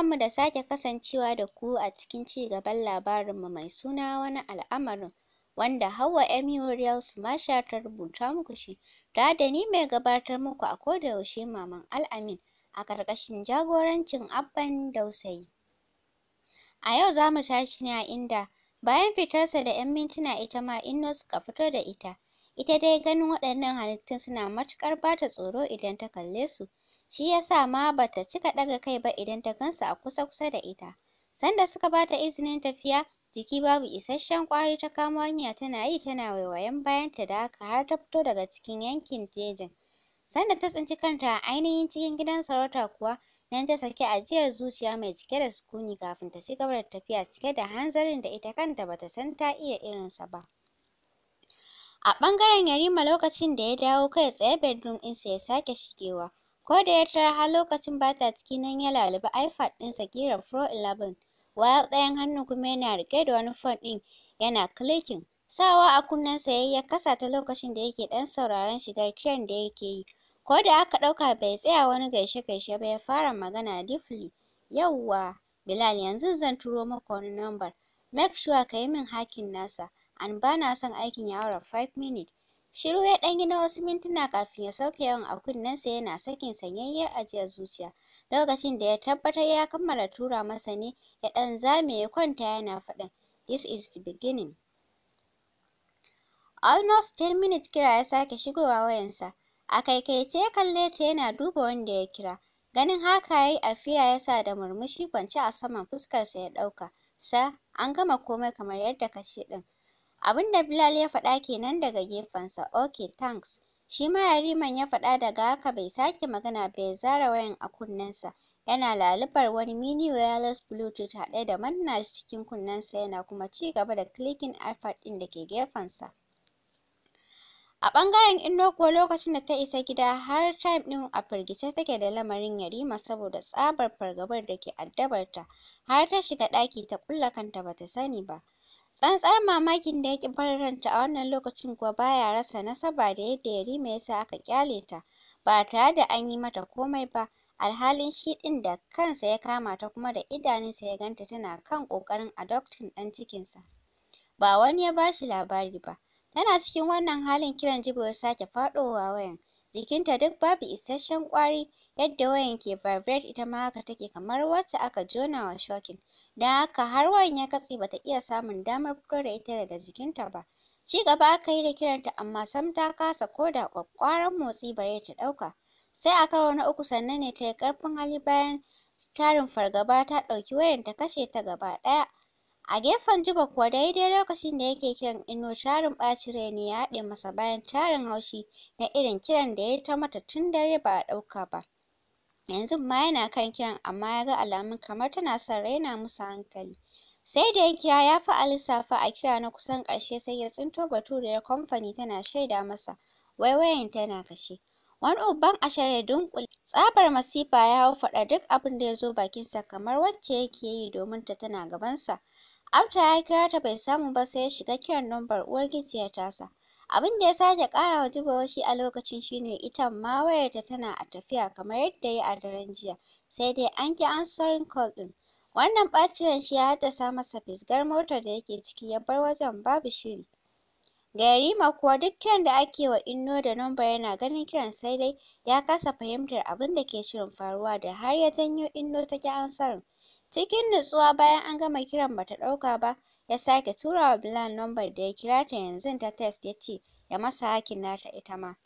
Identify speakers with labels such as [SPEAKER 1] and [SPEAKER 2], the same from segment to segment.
[SPEAKER 1] mu da sake kasancewa da ku a cikin ci gaban labarinmu mai suna wani al'amarin wanda Hauwa Emmanuel ma ta rubuta muku shi tare da ni mai gabatar muku a yaushe Maman Al'amin a ƙarƙashin jagorancin Abban Dausayi. A yau za mu tashi ne a inda bayan fitarsa da 'yan mintuna ita ma Inno suka fito da ita. Ita dai ganin waɗannan halittun suna matuƙar bata tsoro idan ta kalle su. shi yasa ma bata cika ɗaga kai ba idan ta gansu a kusa-kusa da ita. Sanda suka bata izinin tafiya, jiki babu isasshen kwari ta kamo hanya tana yi tana waiwayen bayanta da haka har ta fito daga cikin yankin jejin. Sanda ta tsinci kanta a ainihin cikin gidan sarauta kuwa, nan ta saki ajiyar zuciya mai cike da sukuni kafin ta ci gaba da tafiya cike da hanzarin da ita kanta bata san ta iya irinsa ba. A ɓangaren Yarima lokacin da ya dawo kai tsaye bedroom ɗinsa ya sake shigewa. Ko da ya tara har lokacin ba ta ciki nan ya lalubi iPad ɗinsa gira Pro 11, wayar ɗayan hannun kuma yana riƙe da wani phone ɗin yana clicking. Sawa a kunnensa yayi ya kasa ta lokacin da yake ɗan sauraron shigar kiran da yake yi. Ko da aka ɗauka bai tsaya wani gaishe-gaishe ba ya fara magana deeply. Yawwa, Bilal yanzu zan turo maka wani number. Make sure ka yi min hacking nasa. an ba na son aikin ya aura 5 minutes. Shiru ya ɗan yi na wasu mintuna kafin ya sauke yawan a kunnensa yana sakin sanyayyar ajiyar zuciya. Lokacin da ya tabbatar ya kammala tura masa ne ya ɗan zame ya kwanta yana faɗin This is the beginning. Almost ten minutes kira ya sake shigowa wayansa. A kaikaice ya kalle ta yana duba wanda ya kira. Ganin haka ya yi afiya ya sa da murmushi kwance a saman fuskarsa ya ɗauka. Sa, an gama komai kamar yadda ka ce ɗin. Abin da Bilal ya faɗa kenan daga gefensa. Okay, thanks. Shi ma Yariman ya faɗa daga haka bai sake magana ba ya zara wayan a kunnensa. Yana lalubar wani mini wireless bluetooth haɗe da manna cikin kunnensa yana kuma ci gaba da clicking iPad ɗin da ke gefensa. A ɓangaren Inno kuwa lokacin da ta isa gida har time ɗin a firgice take da lamarin Yarima saboda tsabar fargabar da ke addabarta har ta shiga ɗaki ta ƙulla kanta bata sani ba. Tsantsar mamakin da ya ƙi barin a wannan lokacin kuwa baya rasa nasaba da yadda Yarima ya sa aka ƙyale ta ba tare da an yi mata komai ba, alhalin shi ɗin da kansa ya kama ta kuma da idanunsa ya ganta tana kan ƙoƙarin adopting ɗan cikinsa. Ba wani ya ba shi labari ba. Tana cikin wannan halin kiran Jibo ya sake faɗowa wayan, jikinta duk babu isasshen ƙwari Yadda wayan ke vibrate ita ma haka take kamar wacce aka jona wa shokin. Don haka har wayan ya katse bata iya samun damar fito da ita daga jikinta ba. Ci gaba aka yi da kiranta amma sam ta kasa ko da motsi bare ta ɗauka. Sai a karo na uku sannan ne ta yi ƙarfin hali bayan tarin fargaba ta ɗauki wayan ta kashe ta gaba ɗaya. A gefen Juba kuwa daidai lokacin da yake kiran Inno tarin baci rai ne ya haɗe masa bayan tarin haushi na irin kiran da yayi ta mata tun dare ba a ɗauka ba. yanzu ma yana kan kiran amma ya ga alamun kamar tana son raina musu hankali sai da ya kira ya fi a lissafa a kira na kusan ƙarshe sai ya tsinto baturiyar kamfani tana shaida masa wai wayan tana kashe wani uban ashar dunkule tsabar masifa ya hau faɗa duk abin da ya zo bakinsa kamar wacce yake yi domin ta tana gabansa Abta ya kira ta bai samu ba sai ya shiga kiran nambar uwar gijiyar tasa Abin da ya sake ƙara wa wasu a lokacin shine ita ma wayarta tana a tafiya kamar yadda ya yi a daren jiya, sai dai an ƙi answering call ɗin. Wannan ɓacin shi ya haddasa masa fisgar motar da yake ciki ya bar wajen babu shiri. Ga Yarima kuwa duk kiran da ake wa Inno da Nomba yana ganin kiran sai dai ya kasa fahimtar abin da ke shirin faruwa da har ya janyo Inno ta ƙi ansarin. Cikin nutsuwa bayan an gama kiran bata ɗauka ba, ya sake wa Bilal lambar da ya kira ta yanzun ta text ya ce ya masa hakin nata ita ma.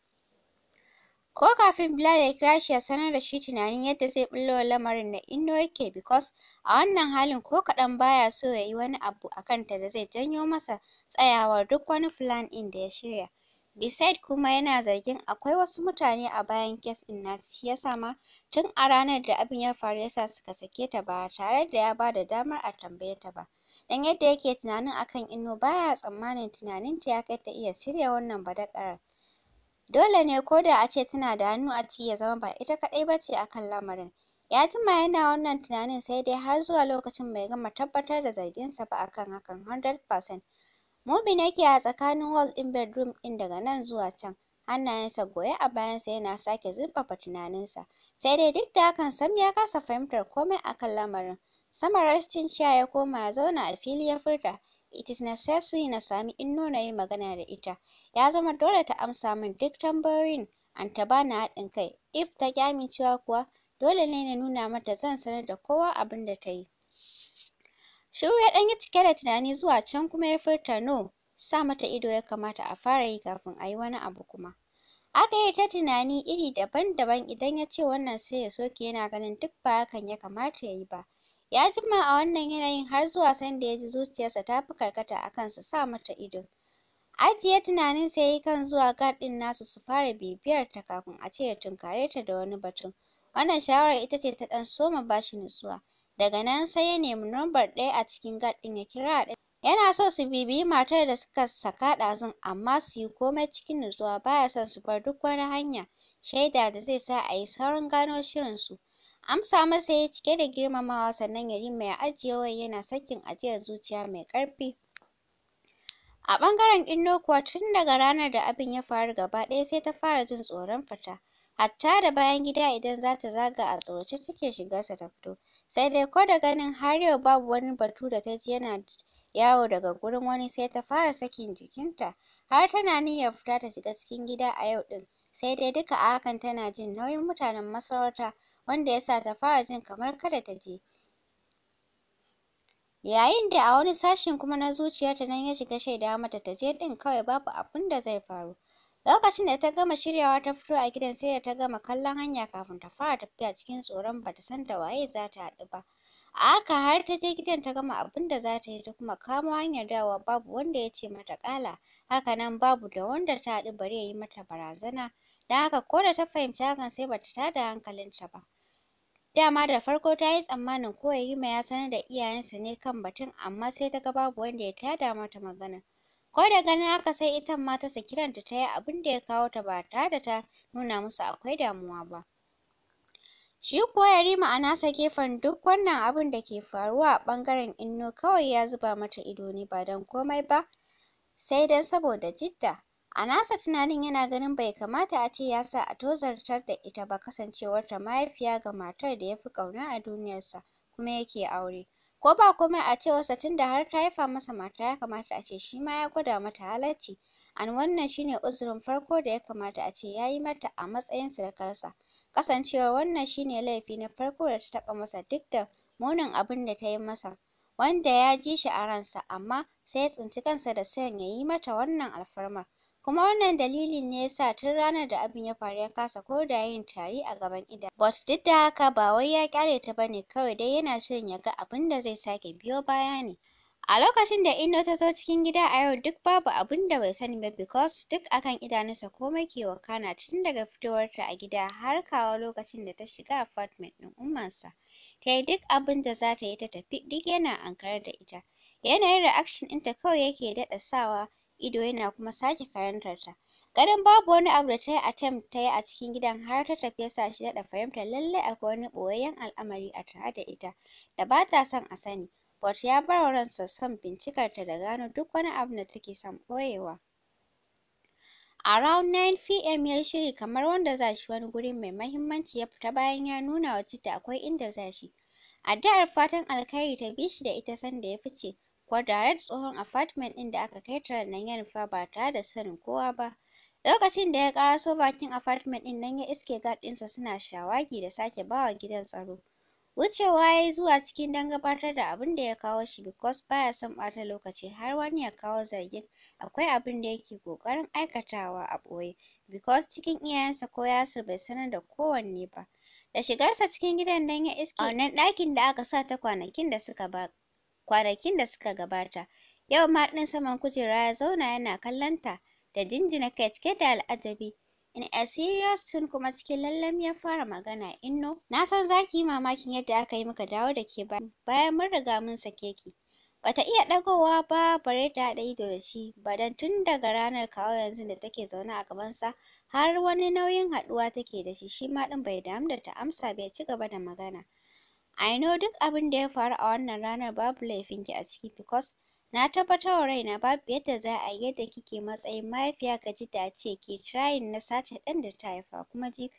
[SPEAKER 1] Ko kafin Bilal ya kira shi ya sanar da shi tunanin yadda zai ɓullo lamarin na Inno yake because a wannan halin ko kaɗan baya so ya yi wani abu a kanta da zai janyo masa tsayawar duk wani plan ɗin da ya shirya. Beside kuma yana zargin akwai wasu mutane a bayan kes ɗin na shi yasa ma tun a ranar da abin ya faru yasa suka sake ta ba tare da ya ba da damar a tambaye ta ba. Dan yadda yake tunanin akan Inno baya tsammanin tunanin ya kai ta iya shirya wannan badakar Dole ne ko da a tana da hannu a ciki ya zama ba ita kaɗai ba ce akan lamarin. Ya jima yana wannan tunanin sai dai har zuwa lokacin bai gama tabbatar da zarginsa ba akan hakan 100%. Mubin yake a tsakanin wall ɗin bedroom ɗin daga nan zuwa can. hannayensa goye a bayansa yana sake zurfafa tunaninsa sai dai duk da hakan sam ya kasa fahimtar komai akan lamarin Sama rastin sha ya koma ya zauna a fili ya furta, It is necessary na sami in na yi magana da ita. Ya zama dole ta amsa min duk tambayoyin an ta bani haɗin kai. If ta ƙi cewa kuwa, dole ne na nuna mata zan sanar da kowa abin da ta yi. Shiru ya ɗan yi cike da tunani zuwa can kuma ya furta no, sa mata ido ya kamata a fara yi kafin a yi wani abu kuma. Aka yi ta tunani iri daban-daban idan ya ce wannan sai ya soke yana ganin duk ba hakan ya kamata ya yi ba. Ya jima a wannan yanayin har zuwa sanda ya ji zuciyarsa ta fi karkata a kansa sa mata ido. Ajiye tunaninsa ya yi kan zuwa gad ɗin nasu su fara bibiyar ta kafin a ce ya tunkare ta da wani batun. Wannan shawarar ita ce ta ɗan soma bashi nutsuwa. Daga nan sai ya nemi nambar ɗaya a cikin gad ɗin ya kira ɗin. Yana so su bibiyi matar da suka saka ɗazun amma su yi komai cikin nutsuwa baya son su bar duk wani hanya shaida da zai sa a yi saurin gano shirinsu. amsa masa ya cike da girmamawa sannan Yarima ya ajiye wai yana sakin ajiyar zuciya mai ƙarfi. A ɓangaren Inno kuwa tun daga ranar da abin ya faru gaba ɗaya sai ta fara jin tsoron fita. Hatta da bayan gida idan za ta zaga a tsorace take shigarsa ta fito. Sai dai ko da ganin har yau babu wani batu da ta ji yana yawo daga gurin wani sai ta fara sakin jikinta. Har tana niyyar fita ta shiga cikin gida a yau ɗin. Sai dai duka a hakan tana jin nauyin mutanen masarauta wanda ya sa ta fara jin kamar kada ta je. Yayin da a wani sashin kuma na zuciyarta nan ya shiga shaida mata ta je ɗin kawai babu abin da zai faru. Lokacin da ta gama shiryawa ta fito a gidan sai da ta gama kallon hanya kafin ta fara tafiya cikin tsoron bata san da waye za ta haɗu ba. A haka har ta je gidan ta gama abin da za ta yi ta kuma kamo hanyar dawowa babu wanda ya ce mata ƙala. Haka nan babu da wanda ta haɗu bari ya yi mata barazana. Dan haka ko da ta fahimci hakan sai bata tada hankalinta ba. Dama da farko ta yi tsammanin ko Yarima ya sanar da iyayensa ne kan batun amma sai ta ga babu wanda ya tada mata magana. Ko da ganin haka sai ita ma ta saki ranta ta yi abin da ya kawo ta ba tare da ta nuna musu akwai damuwa ba. Shi kuwa Yarima a nasa gefen duk wannan abin da ke faruwa a ɓangaren Inno kawai ya zuba mata ido ne ba don komai ba sai don saboda Jidda A nasa tunanin yana ganin bai kamata a ce ya sa a tozartar da ita ba kasancewar ta mahaifiya ga matar da yafi fi ƙauna a duniyarsa kuma yake aure. Ko ba komai a cewarsa tunda har ta haifa masa mata ya kamata a ce shi ya gwada mata halarci. An wannan shine uzurin farko da ya kamata a ce ya yi mata a matsayin surukarsa. Kasancewar wannan shine laifi na farko da ta taɓa masa duk da munin abin da ta yi masa. wanda ya ji shi a ransa amma sai ya tsinci kansa da son ya yi mata wannan alfarmar. Kuma wannan dalilin ne yasa tun ranar da abin ya faru ya kasa ko da yin tari a gaban idan. But duk da haka ba wai ya kyale ta bane kawai dai yana shirin ya ga abin da zai sake biyo baya ne. A lokacin da Ino ta zo cikin gida a yau duk babu abin da bai sani ba because duk akan idanunsa komai ke wakana tun daga fitowarta a gida har kawo lokacin da ta shiga apartment ɗin ummansa. Ta yi duk abin da za ta yi ta tafi duk yana ankare da ita. Yanayin reaction ɗinta kawai yake daɗa sawa ido yana kuma sake karantar ta ganin babu wani abu da tayi yi attempt tayi a cikin gidan har ta tafi ya sa shi da fahimtar lallai akwai wani ɓoyayyen al'amari a tare da ita da ba ta son a sani but ya bar wa ransa son bincikar ta da gano duk wani abu da take son ɓoyewa around 9 pm ya shiri kamar wanda za shi wani guri mai mahimmanci ya fita bayan ya nuna wa Citta akwai inda za shi addu'ar fatan alkhairi ta bi shi da ita sanda ya fice kuwa tsohon apartment ɗin da aka kai tare nan ya nufa ba tare da sanin kowa ba. Lokacin da ya ƙaraso bakin apartment ɗin nan ya iske guard ɗinsa suna shawagi da sake bawa gidan tsaro. Wucewa ya yi zuwa cikin don gabatar da abin da ya kawo shi because baya son ɓata lokaci har wani ya kawo zargin akwai abin da yake ƙoƙarin aikatawa a ɓoye because cikin iyayensa ko Yasir bai sanar da kowanne ba. Da shigarsa cikin gidan nan ya iske a wannan ɗakin da aka sa ta kwanakin da suka ba kwanakin da suka gabata. Yau ma ɗin saman kujera ya zauna yana kallonta da jinjina kai cike da al'ajabi. In a serious tune kuma cikin lallam ya fara magana inno. Na san za ki yi mamakin yadda aka yi muka dawo da ke bayan mun riga mun sake ki. Bata iya ɗagowa ba bare da haɗa ido da shi ba dan tun daga ranar kawo yanzu da take zaune a gabansa har wani nauyin haɗuwa take da shi shi ma ɗin bai damu da ta amsa bai ci gaba da magana. I know duk abin da ya faru a wannan ranar babu laifinki a ciki because na tabbatar wa raina babu yadda za a yi yadda kike matsayin mahaifiya ka ji da ce ke trying na sace ɗan da ta haifa kuma ki.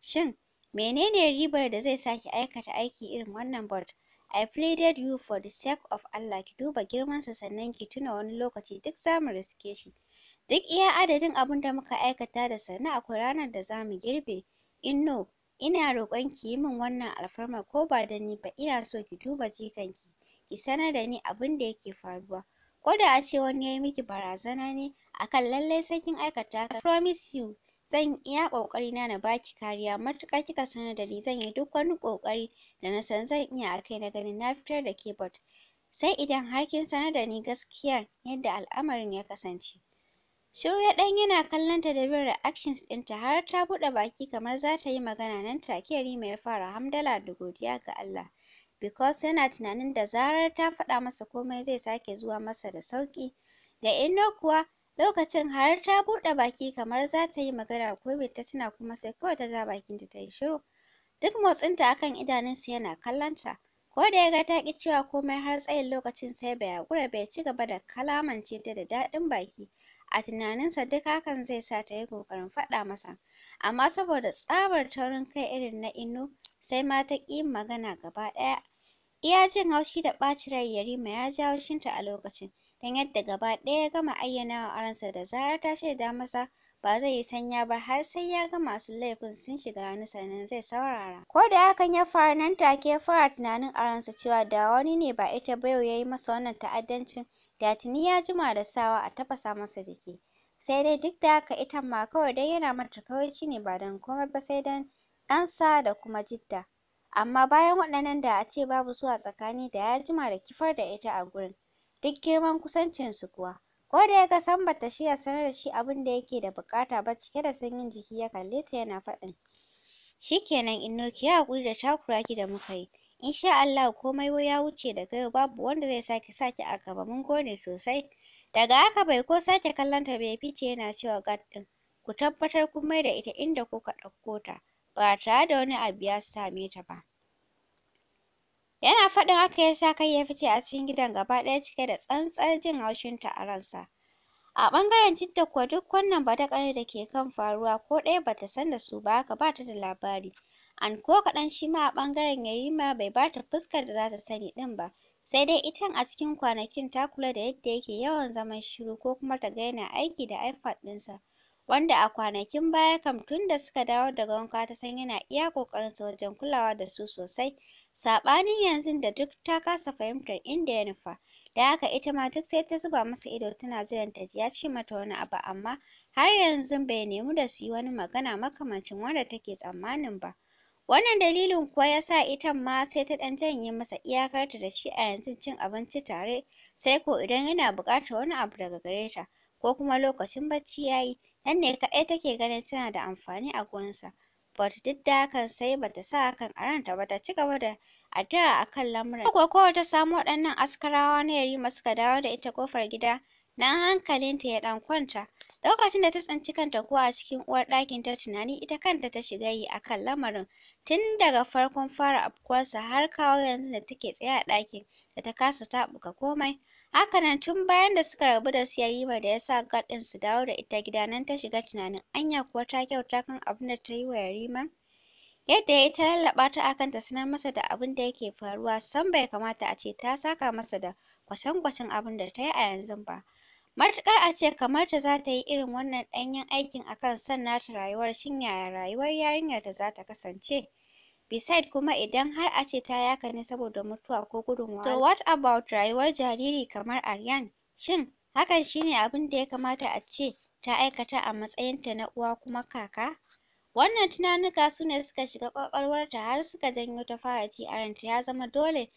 [SPEAKER 1] Shin menene ribar da zai sa ki aikata aiki irin wannan but I pleaded you for the sake of Allah ki duba girmansa sannan ki tuna wani lokaci duk za mu riske shi. Duk iya adadin abin da muka aikata da sannu akwai ranar da za mu girbe. In no, ina roƙon ki yi min wannan alfarma. ko ba da ni ba ina so ki duba jikanki ki sanar da ni abin da yake faruwa ko da a ce wani ya yi miki barazana ne akan lallai sai kin aikata haka promise you zan iya ƙoƙari na na baki kariya matuƙar kika sanar da ni zan yi duk wani ƙoƙari da na san zan iya a kai na ganin na fitar da ke but sai idan har kin sanar da ni gaskiyar yadda al'amarin ya kasance Shiru ya ɗan yana kallonta da bin reactions ɗinta har ta buɗe baki kamar za ta yi magana nan take Rima ya fara hamdala da godiya ga Allah. Because yana tunanin da zarar ta faɗa masa komai zai sake zuwa masa da sauƙi. Ga ino kuwa lokacin har ta buɗe baki kamar za ta yi magana ko bai ta tuna kuma sai kawai ta ja bakinta ta yi shiru. Duk motsinta akan idanunsa yana kallon ta Ko da ya ga ta ƙi cewa komai har tsayin lokacin sai bai haƙura bai ci gaba da kalamance ta da daɗin baki. a tunaninsa duk hakan zai sa ta yi ƙoƙarin faɗa masa amma saboda tsabar taurin kai irin na inu, sai ma ta ƙi magana gaba ɗaya iya jin haushi da ɓacin rai Yarima ya ji ta a lokacin don yadda gaba ɗaya ya gama ayyana wa da zarar ta shaida masa ba zai yi sanya ba har sai ya ga masu laifin sun shiga hannu sannan zai saurara. Ko da hakan ya fara nan take ya fara tunanin aronsa cewa da wani ne ba ita ba yau ya yi masa wannan ta'addancin da tuni ya jima da sawa a tafasa masa jiki sai dai duk da haka ita ma kawai dai yana mata kawaici ne ba don komai ba sai don ɗansa da kuma Jidda amma bayan waɗannan da a ce babu su a tsakani da ya jima da kifar da ita a gurin duk girman kusancinsu kuwa ko da ya ga san bata shirya sanar da shi abin da yake da buƙata ba cike da sanyin jiki ya kalle ta yana faɗin shikenan inno ki haƙuri da takura ki da muka yi insha Allah komai ya wuce daga yau babu wanda zai sake sake a gaba mun gode sosai daga haka bai ko sake kallon ta bai fice yana cewa gad din ku tabbatar kun maida ita inda kuka ɗauko ta ba tare da wani abu ya same ta ba Yana faɗin haka ya sa kai ya fice a cikin gidan gaba ɗaya cike da tsantsar jin haushin ta a ransa. A ɓangaren citta kuwa duk wannan ba da ke kan faruwa ko ɗaya bata san da su ba haka ta da labari. an ko kaɗan shi ma a ɓangaren ma bai bata fuskar da za ta sani ɗin ba. Sai dai itan a cikin kwanakin ta kula da yadda yake yawan zaman shiru ko kuma ta ga yana aiki da iPad ɗinsa. Wanda a kwanakin baya kam tun da suka dawo daga wanka ta san yana iya ƙoƙarinsa wajen kulawa da su sosai. Saɓanin yanzu da duk ta kasa fahimtar inda ya nufa. Da haka ita ma duk sai ta zuba masa ido tana jiran ta ji ya ce mata wani abu amma har yanzu bai nemi da su yi wani magana makamancin wanda take tsammanin ba. Wannan dalilin kuwa ya sa itan ma sai ta ɗan janye masa iyakarta da shi a yanzu cin abinci tare, sai ko idan yana buƙatar wani abu daga gare ta, ko kuma lokacin bacci ya yi, nan ne kaɗai take ganin tana da amfani a gurinsa. But duk da hakan sai ba ta sa hakan a ranta ba ta ci gaba da addu'a a kan lamuran. Kuwa kowa ta samu waɗannan askarawa na Yarima suka dawo da ita ƙofar gida, nan hankalinta ya ɗan kwanta. Lokacin da ta tsinci kanta kuwa a cikin uwar ɗakin ta tunani ita kanta ta shiga yi a kan lamarin tun daga farkon fara afkuwarsa har kawo yanzu da take tsaye a ɗakin da ta kasa taɓuka komai. Hakanan tun bayan da suka rabu da su Yarima da ya sa gaɗin su dawo da ita gida nan ta shiga tunanin anya kuwa ta kyauta kan abin da ta yi wa Yarima. Yadda ya yi ta lallaɓa ta akanta kanta sanar masa da abin da yake faruwa san bai kamata a ce ta saka masa da kwatankwacin abin da ta yi a yanzu ba. Matuƙar a ce ta za ta yi irin wannan ɗanyen aikin a kan son nata rayuwar shin yaya rayuwar yarinyar da za ta kasance? Beside kuma idan har a ce ta yaka ne saboda mutuwa ko gudun wahala. To what about rayuwar jariri kamar Aryan? Shin hakan shine ne abin da ya kamata a ce ta aikata a matsayinta na uwa kuma kaka? Wannan tunanuka sune suka shiga ƙwaƙwalwarta har suka janyo ta fara ji a ya zama dole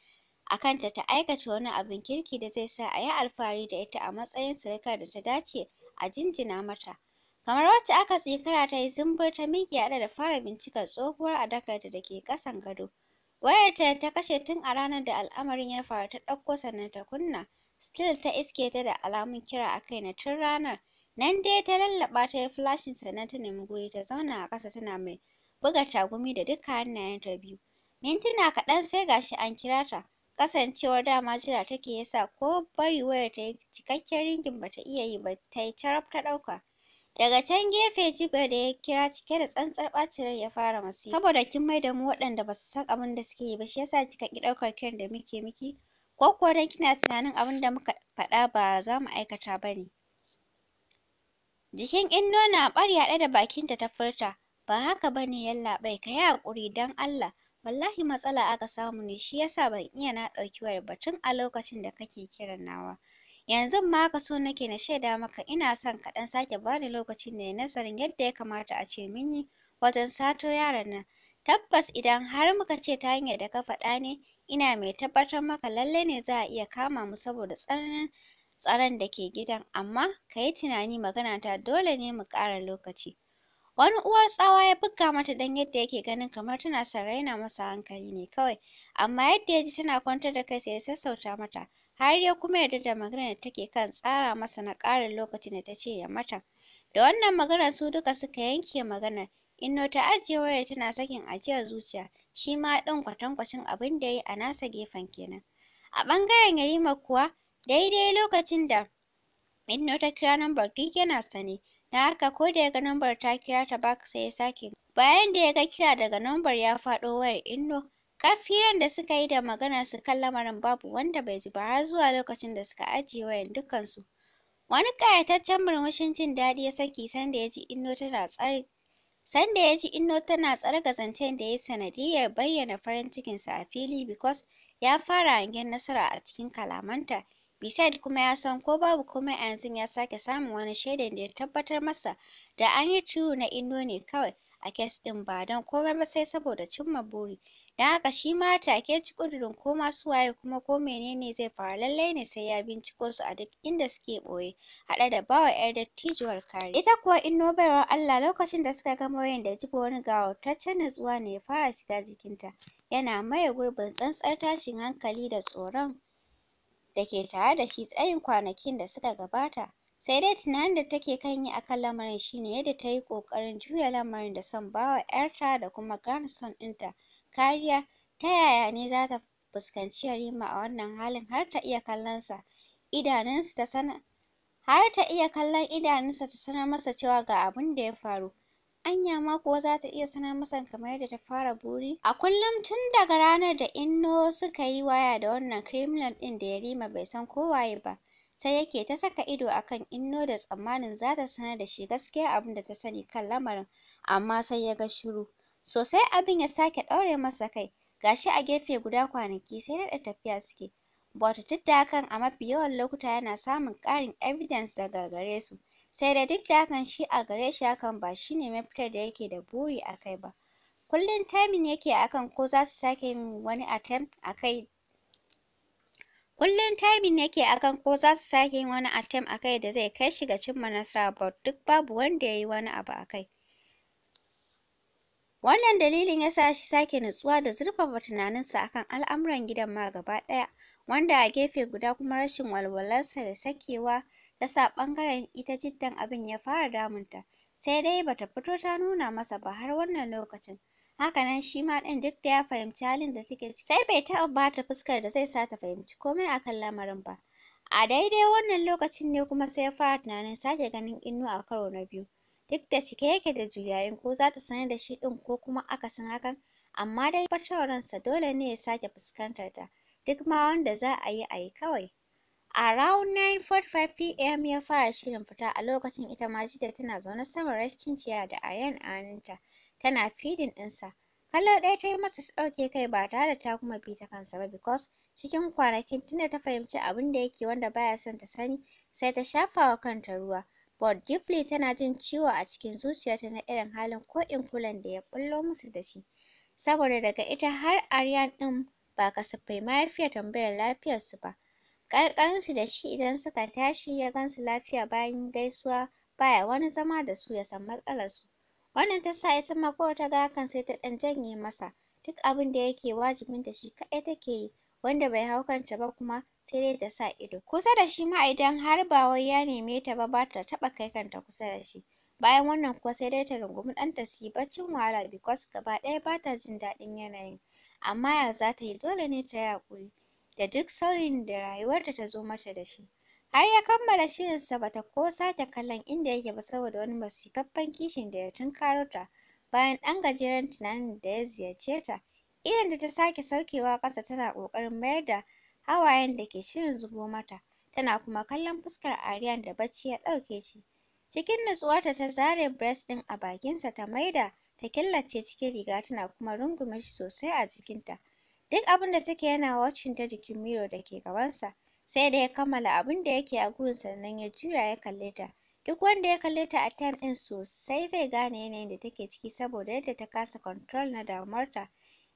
[SPEAKER 1] Akanta ta aikata wani abin kirki da zai sa a yi alfahari da ita a matsayin surukar da ta dace a jinjina mata. Kamar wacce aka tsikara ta yi zumbur ta miƙe haɗe da fara bincikar tsohuwar adakarta da ke ƙasan gado. Wayarta ta kashe tun a ranar da al'amarin ya faru ta ɗauko sannan ta kunna. Still ta iske ta da alamun kira a kai na tun ranar. Nan dai ta lallaɓa ta yi flashin sannan ta nemi guri ta zauna a ƙasa tana mai buga tagumi da duka ta biyu. Mintuna kaɗan sai gashi an kira ta. Kasancewar dama jira take ya sa ko bari wayar ta yi cikakken ringin ba ta iya yi ba, ta yi caraf ta ɗauka. Daga can gefe jibe da ya kira cike da tsantsar ɓacin rai ya fara masifa. Saboda kin maida mu waɗanda ba su san abinda da suke yi ba, shi ya sa kika ƙi ɗaukar kiran da muke miki. ko kuwa don kina tunanin abin da muka faɗa ba za mu aikata ba ne. Jikin Inno na ɓari haɗe da bakinta ta furta, ba haka ba ne yallaɓai, ka yi haƙuri don Allah, wallahi matsala aka samu ne shi yasa ban iya na ɗauki wayar ba tun a lokacin da kake kiran nawa yanzu ma ka so nake na shaida maka ina son ka ɗan sake bani lokacin da ya nazarin yadda ya kamata a ce mun yi wajen sato yaron nan tabbas idan har muka ce ta hanyar da ka faɗa ne ina mai tabbatar maka lallai ne za a iya kama mu saboda tsananin tsaron da ke gidan amma ka yi tunani ta, dole ne mu ƙara lokaci Wani uwar tsawa ya buga mata don yadda yake ganin kamar tana son masa hankali ne kawai. Amma yadda ya ji tana kwantar da kai sai ya sassauta mata, har ya kuma yarda da maganar da take kan tsara masa na ƙarin lokacin da ta ce ya mata. Da wannan maganar su duka suka yanke maganar, Inno ta ajiye wayar tana sakin ajiyar zuciya, shi ma ɗin kwatankwacin abin da ya yi a nasa gefen kenan. A ɓangaren Yarima kuwa, daidai lokacin da Inno ta kira lambar yana sane. Da haka ko da yaga ga lambar ta kira ta baka sai ya sake. Bayan da yaga kira daga nambar ya faɗo wayar Inno. Kafiran da suka yi da magana su kan lamarin babu wanda bai ji ba har zuwa lokacin da suka ajiye wayar dukkansu. Wani ƙayataccen murmushin jin daɗi ya saki sanda ya ji Inno tana tsare sanda ya ji Inno tana tsarga zancen da ya yi sanadiyyar bayyana farin cikinsa a fili because ya fara hangen nasara a cikin kalamanta. Beside kuma ya san ko babu komai a yanzu ya sake samun wani shaidan da ya tabbatar masa da an yi true na Indo ne kawai a kes ɗin ba don komai ba sai saboda cimma buri. Don haka shi ma take ci ƙudurin ko ma waye kuma ko menene zai faru lallai ne sai ya binciko su a duk inda suke ɓoye haɗe da bawa 'yar dattijuwar kare. Ita kuwa ino baiwar Allah lokacin da suka gama wayan da jigo wani gawurtaccen natsuwa ne ya fara shiga jikinta yana maye gurbin tsantsar tashin hankali da tsoron da ke tare da shi tsayin kwanakin da suka gabata. Sai dai tunanin da take kan yi akan lamarin shine yadda ta yi ƙoƙarin juya lamarin da son bawa 'yarta da kuma grandson ɗinta kariya, ta yaya ne zata fuskanci Yarima a wannan halin har ta iya kallon sa idanunsa ta sanar har ta iya kallon idanunsa ta sanar masa cewa ga abun da ya faru. anya ma kuwa za ta iya sanar masa kamar yadda ta fara buri a kullum tun daga ranar da inno suka yi waya da wannan kremlin din da yarima bai san kowaye ba sai yake ta saka ido akan inno da tsammanin za ta sanar da shi gaskiya abin da ta sani kan lamarin amma sai ya ga shiru sosai abin ya sake ɗaure masa kai gashi a gefe guda kwanaki sai daɗa tafiya suke but duk da a mafi yawan lokuta yana samun ƙarin evidence daga gare su sai da duk da hakan shi a gare shi hakan ba shi ne mafitar da yake da buri a kai ba kullum timing yake akan ko za sake yin wani attempt a kai kullum timing yake akan ko za su sake yin wani attempt a kai da zai kai shi ga cimma nasara ba duk babu wanda ya yi wani abu a kai wannan dalilin ya sa shi sake nutsuwa da zurfafa tunaninsa akan al'amuran gidan ma gaba ɗaya wanda a gefe guda kuma rashin walwalarsa da sakewa ta sa ɓangaren ita jiddan abin ya fara damunta sai dai bata fito ta nuna masa ba har wannan lokacin hakanan shi ma ɗin duk da ya fahimci halin da take ciki sai bai taɓa bata fuskar da zai sa ta fahimci komai akan lamarin ba a daidai wannan lokacin ne kuma sai ya fara tunanin sake ganin Innu a karo na biyu duk da cike yake da juyayin ko za ta sanar da shi ɗin ko kuma akasin hakan amma dai fitowar ransa dole ne ya sake fuskantar ta duk ma wanda za a yi a yi kawai A 9:45 pm ya fara shirin fita a lokacin ita ma Jidda tana zaune saman rashin chair da Aryan a ta, tana feeding ɗinsa. Kallo ɗaya ta yi masa ta ɗauke kai ba tare da ta kuma bi ta kansa ba because cikin kwanakin tunda ta fahimci abin da yake wanda baya son ta sani sai ta shafa wa kanta ruwa. But deeply tana jin ciwo a cikin zuciyarta na irin halin ko in kulan da ya ɓullo musu da shi. Saboda daga ita har Aryan ɗin ba kasafai ma ya fiye tambayar lafiyarsu ba. ƙarƙarinsu da shi idan suka tashi ya gansu lafiya bayan gaisuwa baya wani zama da su ya san matsalarsu wannan ta sa ita ma kowa ta ga hakan sai ta ɗan janye masa duk abin da yake wajibin da shi kaɗai take yi wanda bai hau kanta ba kuma sai dai ta sa ido kusa da shi ma idan har ba wai ya neme ta ba ba ta taɓa kai kanta kusa da shi bayan wannan kuwa sai dai ta rungumi ɗanta su yi baccin wahala bikos. gaba ɗaya bata jin daɗin yanayin amma ya za ta yi dole ne ta yi haƙuri da duk sauyin da rayuwarta ta zo mata da shi. Har ya kammala shirin sa bata ko sake kallon inda yake ba saboda wani masifaffen kishin da ya tunkaro ta bayan ɗan gajeren tunanin da ya ziyarce ta. da ta sake saukewa ƙasa tana ƙoƙarin mayar da hawayen da ke shirin zubo mata, tana kuma kallon fuskar Aryan da bacci ya ɗauke shi. Cikin nutsuwarta ta zare bres ɗin a bakinsa ta maida ta killace cikin riga tana kuma rungume shi sosai a jikinta. Duk abin da take yana watching ta jikin mirror da ke gabansa. Sai da ya kammala abin da yake a gurin sannan ya juya ya kalle ta. Duk wanda ya kalle ta a time ɗin sosai zai gane yanayin da take ciki saboda yadda ta kasa control na damuwarta.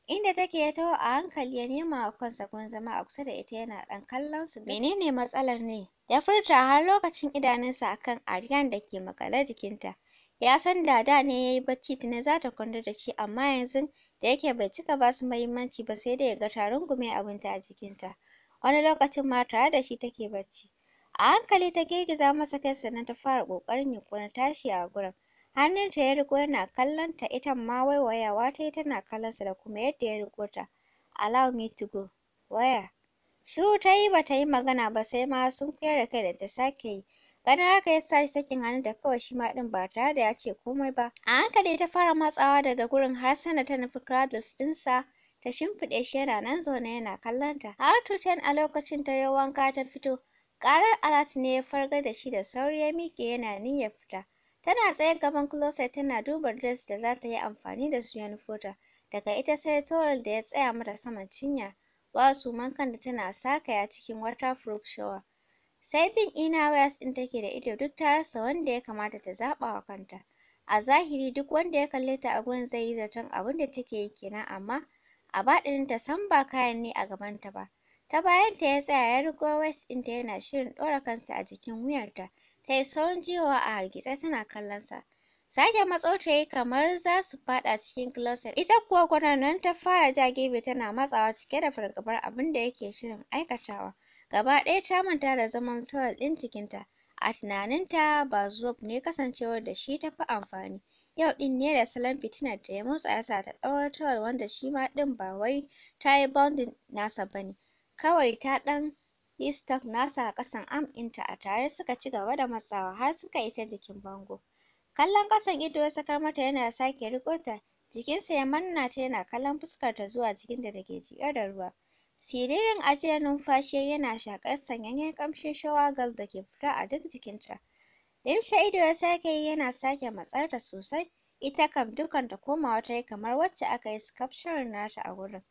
[SPEAKER 1] Inda take ya taho a hankali ya nema wa kansa gurin zama a kusa da ita yana ɗan kallon su. Menene matsalar ne? Ya furta har lokacin idanunsa akan Aryan da ke maƙale jikinta. Ya san da da ne yayi yi bacci tuni za ta kwantar da shi amma yanzu da yake bai cika ba su muhimmanci ba sai dai ya ga ta rungume abinta a jikinta wani lokacin ma tare da shi take bacci a hankali ta girgiza masa kai sannan ta fara ƙoƙarin yunƙurin tashi a gurin hannunta ya riƙo yana kallon ta ita ma waiwayawa ta yi tana kallon sa da kuma yadda ya riƙo ta allow me to go where shiru ta yi ba ta yi magana ba sai ma sun kuyar da kai da ta sake yi Ganin haka ya sa shi sakin hannun da kawai shi ma ɗin ba tare da ya ce komai ba. A hankali ta fara matsawa daga gurin har sanda ta nufi cradles ɗinsa. ta shimfiɗe shi yana nan zaune yana kallon ta. Har tuten a lokacin ta yi wanka ta fito, Karar alat ne ya fargar da shi da sauri ya miƙe yana niyyar fita. Tana tsaye gaban closet tana duba dress da za ta yi amfani da su ya nufo ta, daga ita sai towel da ya tsaya mata saman cinya, Ba su mankan da tana sakaya cikin waterproof shower. Sai bin ina wayas ɗin take da ido duk ta wanda ya kamata ta zaɓawa wa kanta. A zahiri duk wanda ya kalle ta a gurin zai yi zaton abin da take yi kenan amma a ta san ba kayan ne a gaban ta ba. Ta bayan ta ya tsaya ya rigo wayas ta yana shirin ɗora kansa a jikin wuyar Ta yi saurin jiwa a hargitse tana kallon sa. Sake matso ta yi kamar za su fada cikin closet. Ita kuwa gwanon nan ta fara ja gefe tana matsawa cike da fargabar abin da yake shirin aikatawa. Gaba ɗaya ta manta da zaman tawal ɗin jikinta. A tunaninta ba zuwa ne kasancewar da shi ta fi amfani. Yau ɗin ne da salon fitinar da ya motsa ya sa ta ɗaura tawal wanda shi ma ɗin ba wai ta yi nasa ba ne. Kawai ta ɗan yi stock nasa a ƙasan arm ɗinta a tare suka ci gaba da matsawa har suka isa jikin bango. Kallon ƙasan ido ya sakar mata yana sake riƙo ta. Jikinsa ya manna ta yana kallon fuskarta zuwa jikinta da ke jiƙe da ruwa. Siririn ajiyar numfashi yana shakar sanyayyen ƙamshin shawagal da ke fita a duk jikinta. Limshe ido ya sake yi yana sake matsar da sosai, ita kam dukanta komawa ta yi kamar wacce aka yi sculpturing nata a wurin.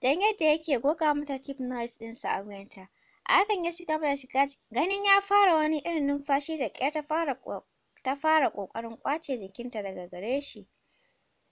[SPEAKER 1] Don yadda yake goga mata noise ɗinsa a wuyanta. A hakan ya shiga da shiga ganin ya fara wani irin numfashi da ƙyar ta fara ta fara ƙoƙarin ƙwace jikinta daga gare shi.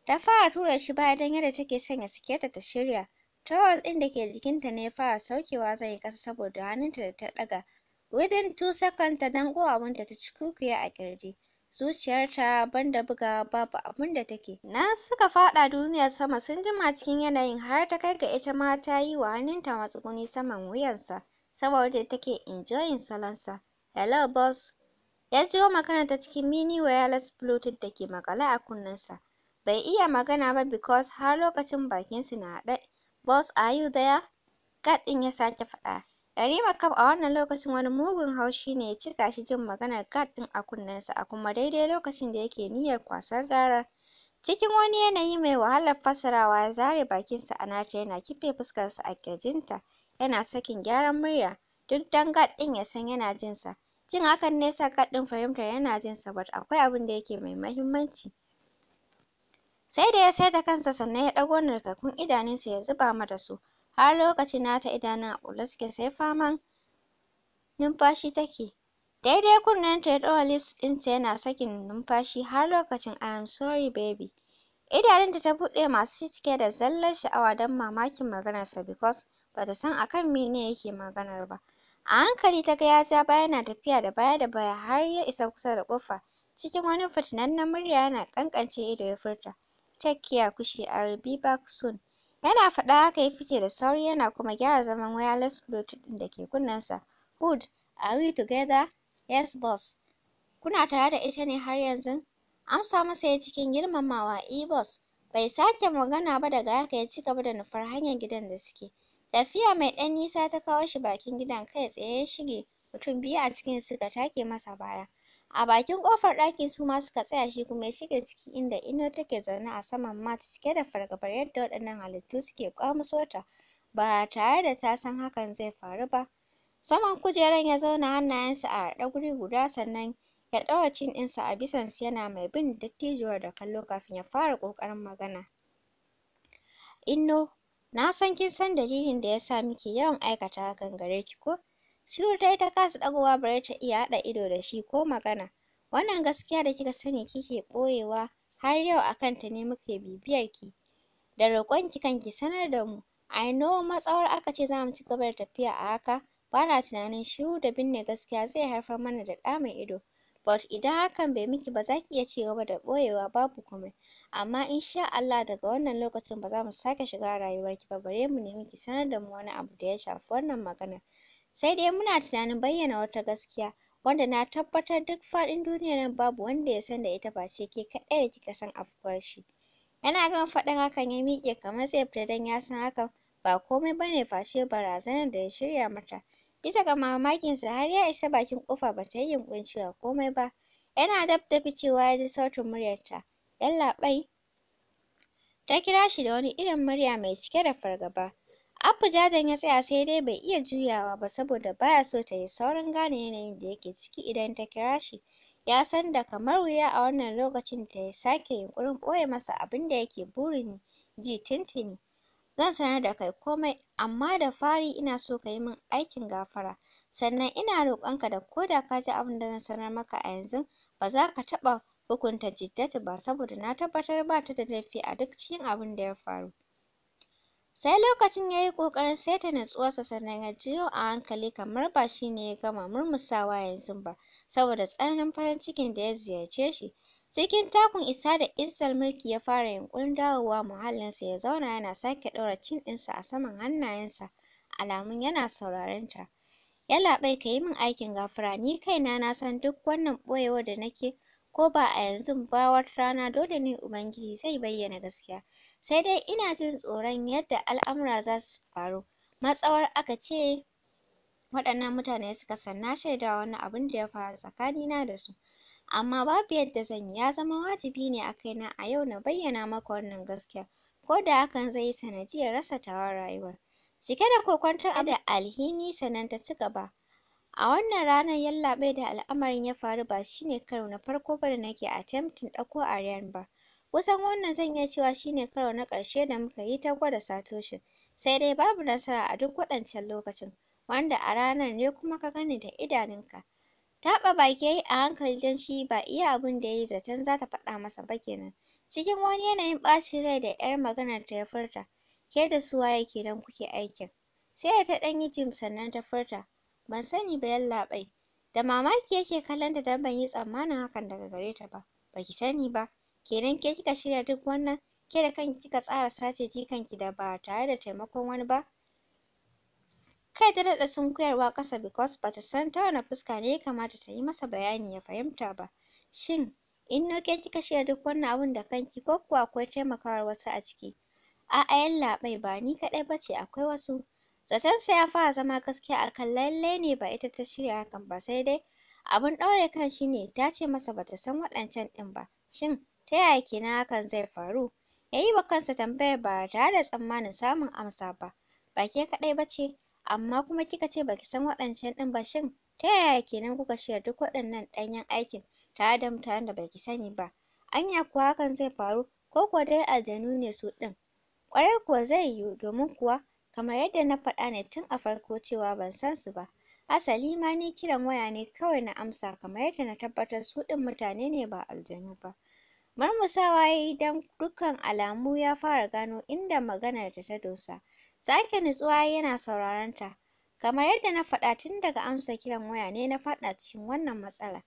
[SPEAKER 1] Ta fara tura shi baya don yadda take son ya sake ta ta shirya. towel ɗin da ke jikinta ne fara saukewa zai kasa saboda hannunta da ta ɗaga within two seconds ta danƙo abinta ta cikukuya a ƙirji zuciyarta banda buga babu abin da take na suka faɗa duniya sama sun jima cikin yanayin har ta kai ga ita ma ta yi wa hannunta matsuguni saman wuyansa saboda take injoyin salonsa hello boss ya jiyo magana ta cikin mini wireless bluetooth da ke maƙale a kunnensa bai iya magana ba because har lokacin bakinsu na haɗe Boss, are you there? Gad ɗin ya sake faɗa. Yarima kam a wannan lokacin wani mugun haushi ne ya cika shi jin maganar Gad ɗin a kunnensa a kuma daidai lokacin da yake niyyar kwasar garar. Cikin wani yanayi mai wahalar fassarawa ya zare bakinsa a nata yana kife fuskarsa a ƙirjinta yana sakin gyaran murya duk dan Gad ɗin ya san yana jinsa. Jin hakan ne ya sa Gad ɗin fahimtar yana jinsa but akwai abin da yake mai muhimmanci sai da ya da kansa sannan ya ɗago narkakun idanunsa ya zuba mata su har lokacin nata idanun a ƙulle suke sai faman numfashi take daidai kunnenta ya ɗora lips ɗinta yana sakin numfashi har lokacin I am sorry baby idanunta ta buɗe masu cike da zallar sha'awa don mamakin maganarsa because bata san akan mene yake maganar ba a hankali ta ga ya ja baya yana tafiya da baya da baya har ya isa kusa da ƙofa cikin wani fitinannen murya yana ƙanƙance ido ya furta Take care Kushi, a be back soon. Yana faɗa haka ya fice da sauri yana kuma gyara zaman wireless Bluetooth ɗin da ke kunnensa. Hood, are we together? Yes, boss. Kuna tare da ita ne har yanzu? Amsa masa ya cikin girmamawa, eh boss. Bai sake magana ba daga haka ya ci gaba da nufar hanyar gidan da suke. Tafiya mai ɗan nisa ta kawo shi bakin gidan kai tsaye ya shige. Mutum biyu a cikin suka take masa baya. A bakin kofar ɗakin Suma suka tsaya shi kuma ya shige ciki inda Ino take zaune a saman mat cike da fargabar yadda waɗannan halittu suke ƙwamuso ta ba tare da ta san hakan zai faru ba. Saman kujerar ya zauna hannayensa a haɗe guri guda sannan ya ɗaura cin ɗinsa a bisansu yana mai bin dattijuwar da kallo kafin ya fara ƙoƙarin magana. Inno, na san kin san dalilin da ya sa muke yawan aikata hakan gare ki ko? Shiru ta yi ta kasa ɗagowa bare ta iya haɗa ido da shi ko magana. Wannan gaskiya da kika sani kike ɓoyewa har yau a kanta ne muke bibiyarki da roƙonki kan ki sanar da mu. I know matsawar aka ce za mu ci gaba da tafiya a haka ba na tunanin shiru da binne gaskiya zai haifar mana da ɗa mai ido. But idan hakan bai miki ba za ki iya ci gaba da ɓoyewa babu komai. Amma insha Allah daga wannan lokacin ba za mu sake shiga rayuwarki ba bare mu nemi ki sanar da mu wani abu da ya shafi wannan maganar. Sai dai muna tunanin bayyana wata gaskiya wanda na tabbatar duk faɗin duniyar nan babu wanda ya san da ita face ke kaɗai da kika san afkuwar shi. Yana gama faɗin hakan ya miƙe kamar zai fita don ya san hakan ba komai ba ne face barazanar da ya shirya mata. Bisa ga mamakinsa har ya isa bakin ƙofa ba ta yi yunƙurin cewa komai ba. Yana dab da ficewa ya ji sautin muryarta. Yallaɓai. Ta kira shi da wani irin murya mai cike da fargaba. Abba jajan ya tsaya sai dai bai iya juyawa ba saboda baya so ta yi saurin gane yanayin da yake ciki idan ta kira shi. Ya san da kamar wuya a wannan lokacin ta ya sake yunƙurin ɓoye masa abin da yake burin ji tintini Zan sanar da kai komai, amma da fari ina so ka yi min aikin gafara. Sannan ina roƙonka da ko da ka ji abin da zan sanar maka a yanzu, ba za ka taɓa hukunta Jiddatu ba saboda na tabbatar ba ta da laifi a duk cikin abin da ya faru. sai lokacin ya yi ƙoƙarin saita natsuwarsa sannan ya jiyo a hankali kamar ba shi ne ya gama murmusawa yanzu ba saboda tsananin farin cikin da ya ziyarce shi cikin takun isa da izzar mulki ya fara yunƙurin dawowa muhallinsa ya zauna yana sake ɗaura cin ɗinsa a saman hannayensa alamun yana sauraron ta yallaɓai ka yi min aikin gafara ni kaina na san duk wannan ɓoyewar da nake ko ba a yanzu ba wata rana dole ne ubangiji zai bayyana gaskiya sai dai ina jin tsoron yadda al'amura za su faru matsawar aka ce waɗannan mutane suka san na shaida wani abin da ya faru tsakanina da su amma babu yadda zan yi ya zama wajibi ne a kaina a yau na bayyana maka wannan gaskiya ko da hakan zai yi sanadiyar rasa tawa rayuwar cike da kokwanton da alhini sannan ta ci gaba a wannan ranar yallaɓe da al'amarin ya faru ba shine karo na farko ba da nake attempting ɗauko Aryan ba Kusan wannan zan iya cewa shi ne karo na ƙarshe da muka yi ta gwada satoshin, sai dai babu nasara a duk waɗancan lokacin, wanda a ranar ne kuma ka gani da idanunka. Taɓa baki ya yi a hankali don shi ba iya abin da ya yi zaton za ta faɗa masa ba kenan. Cikin wani yanayin ɓacin rai da ‘yar maganar ta ya furta, ke da su waye kenan kuke aikin? Sai da ta ɗan yi jim sannan ta furta, ban sani ba yallaɓai. Da mamaki yake kallon ta don ban yi tsammanin hakan daga gare ta ba, ba ki sani ba. kenan ke kika shirya duk wannan ke da kanki kika tsara sace jikanki da ba tare da taimakon wani ba kai ta daɗa sunkuyarwa ƙasa because bata san ta wane fuska ne ya kamata ta yi masa bayani ya fahimta ba shin inno ke kika shirya duk wannan abun da kanki ko kuwa akwai taimakawar wasu a ciki a'a yallaɓai ba ni kaɗai bace akwai wasu Zatansa ya fara zama gaskiya akan lallai ne ba ita ta shirya hakan ba sai dai abun ɗaure kan shine. ne ta ce masa bata san waɗancan ɗin ba shin ta yaya kenan hakan zai faru ya yi wa kansa tambayar ba tare da tsammanin samun amsa ba ba ke kaɗai ba ce amma kuma kika ce baki san waɗancan ɗin ba shin ta yaya kenan kuka shirya duk waɗannan ɗanyen aikin tare da mutanen da baki sani ba anya kuwa hakan zai faru ko kuwa dai aljanu ne su ɗin ƙwarai kuwa zai yiwu domin kuwa kamar yadda na faɗa ne tun a farko cewa ban san su ba asali ma ni kiran waya ne kawai na amsa kamar yadda na tabbatar su ɗin mutane ne ba aljanu ba Murmusawa ya yi don dukkan alamu ya fara gano inda maganarta ta dosa. Sake nutsuwa yana sauraron ta. Kamar yadda na faɗa tun daga amsa kiran waya ne na faɗa cikin wannan matsala.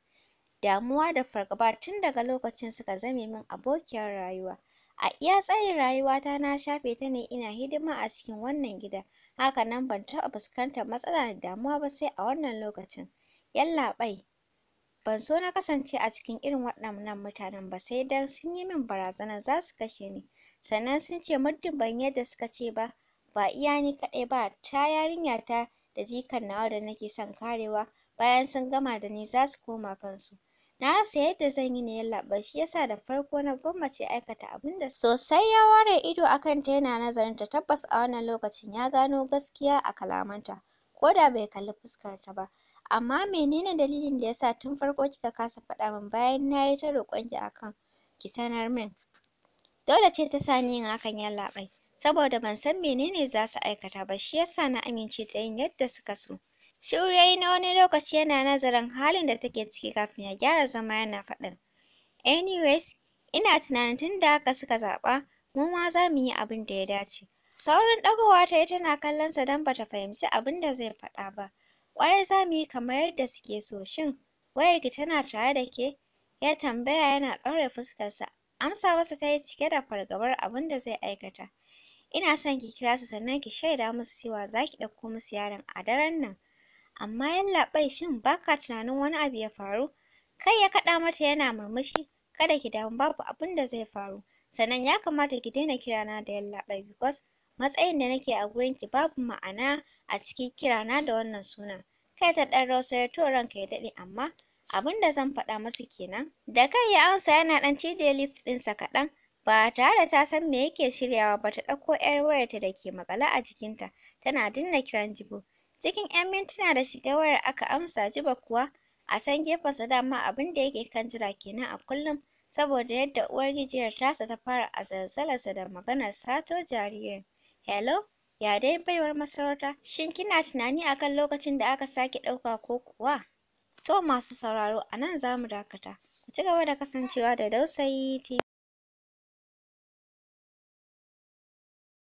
[SPEAKER 1] Damuwa da fargaba tun daga lokacin suka zame min abokiyar rayuwa. A iya tsayin rayuwata na shafe ta ne ina hidima a cikin wannan gida. Haka nan ban taɓa fuskantar matsala da damuwa ba sai a wannan lokacin. Yallaɓai. ban so na kasance a cikin irin waɗannan mutanen ba sai dan sun yi min barazana za su kashe ni sannan sun ce muddin ban yadda suka ce ba ba iya ni kaɗai ba ta yarinya ta da jikan nawa da nake son karewa bayan sun gama da ni za su koma kansu na rasa yadda zan yi na yallaɓa shi yasa da farko na gwammace aikata abin da sosai ya ware ido a kanta yana nazarin ta tabbas a wannan lokacin ya gano gaskiya a kalamanta ko da bai kalli fuskar ta ba amma menene dalilin da yasa tun farko kika kasa faɗa min bayan nayi ta roƙon ki akan ki sanar min dole ce ta sani yin hakan yallaɓai saboda ban san menene za su aikata ba shi yasa na amince da yin yadda suka so shiru yi na wani lokaci yana nazarin halin da take ciki kafin ya gyara zama yana faɗin anyways ina tunanin tun da haka suka zaɓa mu ma mu yi abin da ya dace saurin ɗagawa ta yi tana kallon sa don bata fahimci abin da zai faɗa ba Ƙwarai za mu yi kamar yadda suke so, shin wayarki tana tare da ke? Ya tambaya yana ɗaure fuskarsa. Amsa masa ta yi cike da fargabar abin da zai aikata. Ina son ki kira su sannan ki shaida musu cewa za ki ɗauko musu yaron a daren nan. Amma yallaɓai shin ba ka tunanin wani abu ya faru? Kai ya kaɗa mata yana murmushi, kada ki damu babu abin da zai faru. Sannan ya kamata ki daina kirana da yallaɓai bikos matsayin da nake a gurin ki babu ma'ana a cikin kirana da wannan sunan kai ta ɗan ya tura ranka ya daɗe amma abin da zan faɗa musu kenan da kai ya amsa yana ɗan cije lips ɗinsa kaɗan ba tare da ta san me yake shiryawa ba ta ɗauko ƴar wayarta da ke maƙale a jikinta tana danna kiran Jibo cikin ƴan mintuna da shiga wayar aka amsa Jibo kuwa a can gefensa dama abin da yake kan jira kenan a kullum saboda yadda uwargijiyar tasa ta fara azalzalarsa da maganar sato jaririn hello Ya dai baiwar masarauta, shin kina tunani akan lokacin da aka sake ɗauka ko kuwa? To masu sauraro a nan za mu dakata. Ku ci gaba da kasancewa da Dausayi TV.